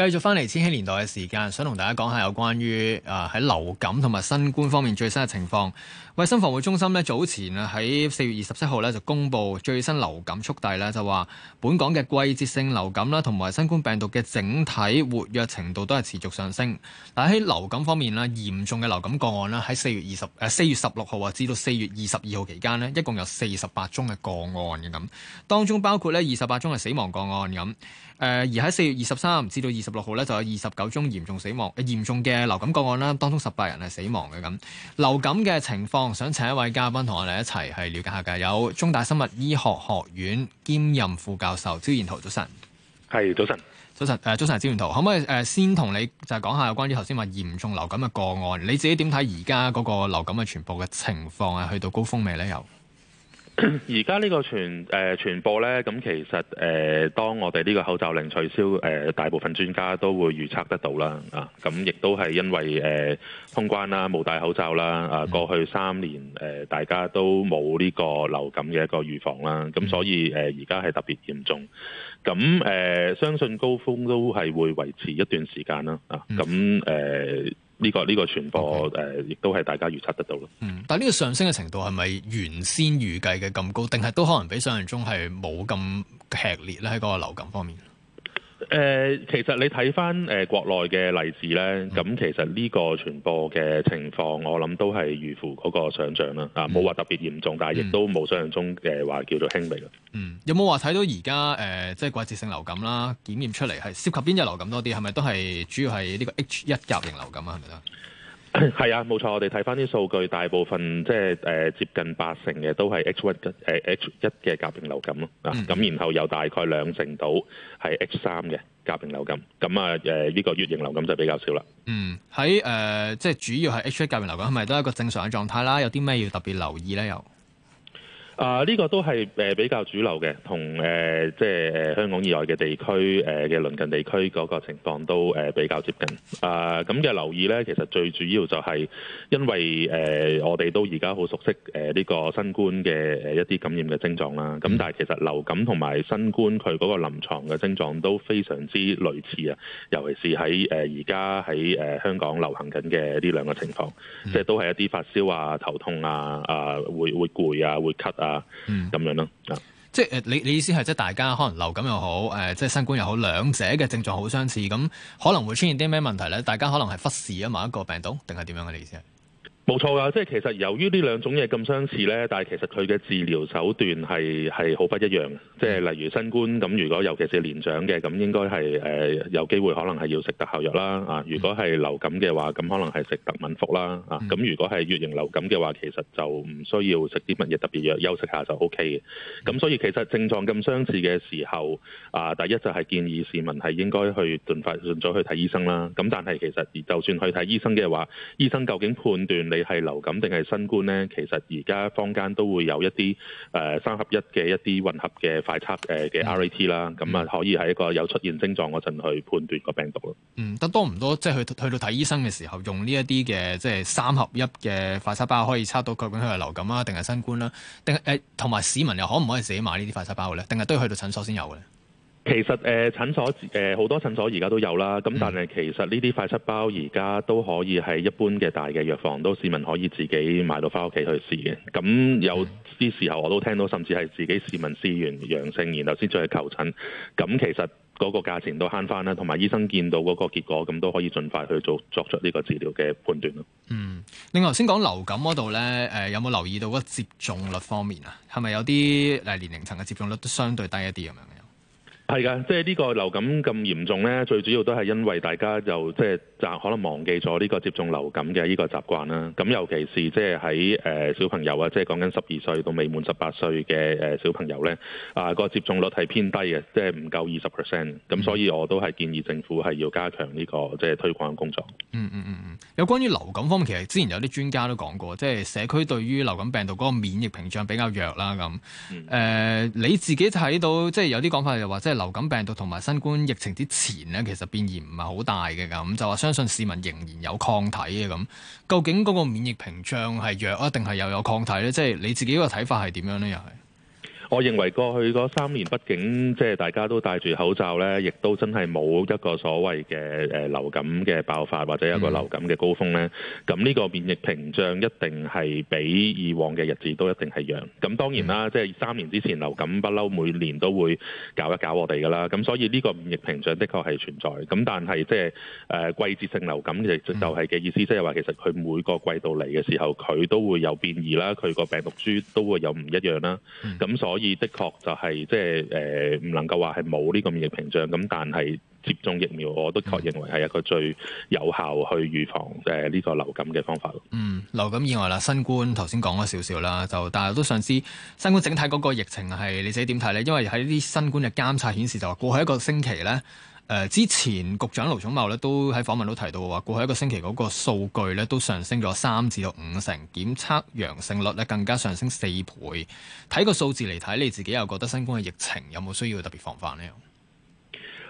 繼續翻嚟千禧年代嘅時間，想同大家講下有關於啊喺流感同埋新冠方面最新嘅情況。衞生防護中心咧早前啊喺四月二十七號咧就公布最新流感速遞咧，就話本港嘅季節性流感啦同埋新冠病毒嘅整體活躍程度都係持續上升。但喺流感方面咧，嚴重嘅流感個案咧喺四月二十誒四月十六號啊至到四月二十二號期間咧，一共有四十八宗嘅個案嘅咁，當中包括咧二十八宗係死亡個案咁。誒而喺四月二十三至到二十十六號咧就有二十九宗嚴重死亡、嚴重嘅流感個案啦，當中十八人係死亡嘅咁。流感嘅情況，想請一位嘉賓同我哋一齊去了解下嘅，有中大生物醫學學院兼任副教授招彥燾，早晨，係早晨，早晨，誒、呃，早晨招彥燾，可唔可以誒先同你就係講下有關於頭先話嚴重流感嘅個案，你自己點睇而家嗰個流感嘅全部嘅情況啊？去到高峰未呢？有。而家呢個傳誒傳播呢，咁其實誒、呃，當我哋呢個口罩令取消，誒、呃，大部分專家都會預測得到啦，啊，咁亦都係因為誒通、呃、關啦，冇戴口罩啦，啊，過去三年誒、呃，大家都冇呢個流感嘅一個預防啦，咁、啊、所以誒，而家係特別嚴重，咁、啊、誒、呃，相信高峰都係會維持一段時間啦，啊，咁、啊、誒。啊呃呢、這個呢、這個傳播誒，亦 Okay.、呃、都係大家預測得到咯。嗯，但係呢個上升嘅程度係咪原先預計嘅咁高，定係都可能比想像中係冇咁劇烈咧？喺嗰個流感方面。誒、呃，其實你睇翻誒國內嘅例子咧，咁、嗯、其實呢個傳播嘅情況，我諗都係如乎嗰個想象啦，啊冇話特別嚴重，但係亦都冇想象中嘅話叫做輕微咯。嗯，有冇話睇到而家誒，即係季節性流感啦，檢驗出嚟係涉及邊隻流感多啲？係咪都係主要係呢個 H 一甲型流感啊？係咪啊？係啊，冇錯，我哋睇返啲數據，大部分即係誒、呃、接近八成嘅都係 H 一嘅、呃、H 一嘅甲型流感咯，啊咁、嗯、然後有大概兩成到係 H 三嘅甲型流感，咁啊誒呢個乙型流感就比較少啦。嗯，喺誒、呃、即係主要係 H 一甲型流感，係咪都係一個正常嘅狀態啦？有啲咩要特別留意咧？又？啊，呢個都係誒比較主流嘅，同誒即係誒香港以外嘅地區誒嘅鄰近地區嗰個情況都誒比較接近。啊，咁嘅留意咧？其實最主要就係因為誒我哋都而家好熟悉誒呢個新冠嘅誒一啲感染嘅症狀啦。咁但係其實流感同埋新冠佢嗰個臨床嘅症狀都非常之類似啊，尤其是喺誒而家喺誒香港流行緊嘅呢兩個情況，即係都係一啲發燒啊、頭痛啊、啊會會攰啊、會咳啊。嗯，咁樣咯，即係誒，你你意思係即係大家可能流感又好，誒、呃，即係新冠又好，兩者嘅症狀好相似，咁可能會出現啲咩問題咧？大家可能係忽視咗某一個病毒，定係點樣嘅你意思？冇錯啊，即係其實由於呢兩種嘢咁相似呢，但係其實佢嘅治療手段係係好不一樣。即係例如新冠咁，如果尤其是年長嘅，咁應該係誒、呃、有機會可能係要食特效藥啦。啊，如果係流感嘅話，咁可能係食特敏福啦。啊，咁、啊、如果係月型流感嘅話，其實就唔需要食啲乜嘢特別藥，休息下就 O K 嘅。咁、啊、所以其實症狀咁相似嘅時候，啊，第一就係建議市民係應該去盡快盡早去睇醫生啦。咁、啊、但係其實就算去睇醫生嘅話，醫生究竟判斷你，係流感定係新冠咧？其實而家坊間都會有一啲誒、呃、三合一嘅一啲混合嘅快測誒嘅 RAT 啦，咁、呃、啊、嗯、可以喺一個有出現症狀嗰陣去判斷個病毒咯。嗯，得多唔多？即係去去到睇醫生嘅時候，用呢一啲嘅即係三合一嘅快測包，可以測到究竟佢係流感啊，定係新冠啦？定係誒？同、欸、埋市民又可唔可以自己買呢啲快測包嘅咧？定係都要去到診所先有嘅咧？其實誒、呃、診所誒好、呃、多診所而家都有啦，咁但係其實呢啲快測包而家都可以係一般嘅大嘅藥房都市民可以自己買到翻屋企去試嘅。咁有啲時候我都聽到，甚至係自己市民試完陽性，然後先再去求診。咁其實嗰個價錢都慳翻啦，同埋醫生見到嗰個結果，咁都可以盡快去做作出呢個治療嘅判斷咯。嗯，另外頭先講流感嗰度呢，誒、呃、有冇留意到個接種率方面啊？係咪有啲誒年齡層嘅接種率都相對低一啲咁樣？係嘅，即係呢個流感咁嚴重咧，最主要都係因為大家就即係就可能忘記咗呢個接種流感嘅呢個習慣啦。咁尤其是即係喺誒小朋友啊，即係講緊十二歲到未滿十八歲嘅誒小朋友咧，啊個接種率係偏低嘅，即係唔夠二十 percent。咁、嗯、所以我都係建議政府係要加強呢個即係推廣嘅工作。嗯嗯嗯。嗯嗯有關於流感方面，其實之前有啲專家都講過，即係社區對於流感病毒嗰個免疫屏障比較弱啦。咁，誒、嗯呃、你自己睇到，即係有啲講法又、就、話、是，即係流感病毒同埋新冠疫情之前咧，其實變異唔係好大嘅，咁，就話相信市民仍然有抗體嘅咁。究竟嗰個免疫屏障係弱啊，定係又有抗體咧？即係你自己個睇法係點樣咧？又係？我認為過去嗰三年，畢竟即係大家都戴住口罩呢，亦都真係冇一個所謂嘅誒流感嘅爆發或者一個流感嘅高峰呢，咁呢個免疫屏障一定係比以往嘅日子都一定係強。咁當然啦，嗯、即係三年之前流感不嬲每年都會搞一搞我哋噶啦。咁所以呢個免疫屏障的確係存在。咁但係即係、呃、季節性流感就係嘅意思，即係話其實佢每個季度嚟嘅時候，佢都會有變異啦，佢個病毒株都會有唔一樣啦。咁所以，嗯以的確就係即係誒，唔能夠話係冇呢個免疫屏障咁，但係接種疫苗，我的確認為係一個最有效去預防誒呢個流感嘅方法咯。嗯，流感以外啦，新冠頭先講咗少少啦，就但係都想知新冠整體嗰個疫情係你自己點睇咧？因為喺啲新冠嘅監察顯示，就話過去一個星期咧。呃、之前局長盧寵茂咧都喺訪問都提到話，過去一個星期嗰個數據咧都上升咗三至到五成，檢測陽性率咧更加上升四倍。睇個數字嚟睇，你自己又覺得新冠嘅疫情有冇需要特別防範呢？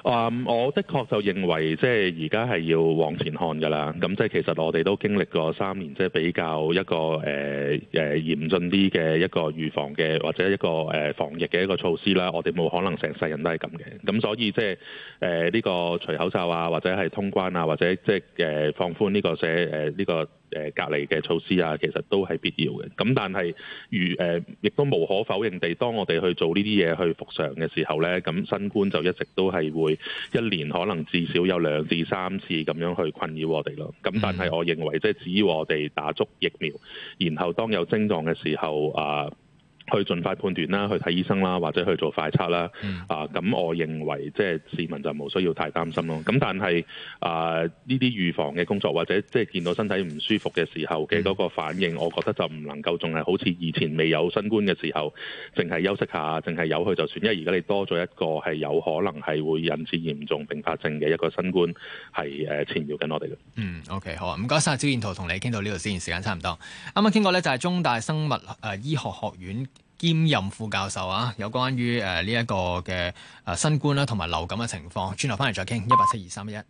啊！Um, 我的確就認為，即係而家係要往前看㗎啦。咁即係其實我哋都經歷過三年，即係比較一個誒誒、呃、嚴峻啲嘅一個預防嘅或者一個誒、呃、防疫嘅一個措施啦。我哋冇可能成世人都係咁嘅。咁所以即係誒呢個除口罩啊，或者係通關啊，或者即係誒放寬呢個社誒呢個。誒隔離嘅措施啊，其實都係必要嘅。咁但係如誒、呃，亦都無可否認地，當我哋去做呢啲嘢去復常嘅時候呢，咁新冠就一直都係會一年可能至少有兩至三次咁樣去困擾我哋咯。咁但係我認為，即係只要我哋打足疫苗，然後當有症狀嘅時候啊。呃去盡快判斷啦，去睇醫生啦，或者去做快測啦。啊、嗯，咁、呃、我認為即係市民就無需要太擔心咯。咁但係啊，呢、呃、啲預防嘅工作或者即係見到身體唔舒服嘅時候嘅嗰個反應，嗯、我覺得就唔能夠仲係好似以前未有新冠嘅時候，淨係休息下，淨係有佢就算。因為而家你多咗一個係有可能係會引致嚴重併發症嘅一個新冠係誒纏繞緊我哋嘅。嗯，OK，好啊，唔該曬，焦燕桃同你傾到呢度先，時間差唔多。啱啱傾過呢，就係中大生物誒醫學學,學院。兼任副教授啊，有關於誒呢一個嘅誒、呃、新冠啦同埋流感嘅情況，轉頭翻嚟再傾一八七二三一。1, 8, 7, 2, 3,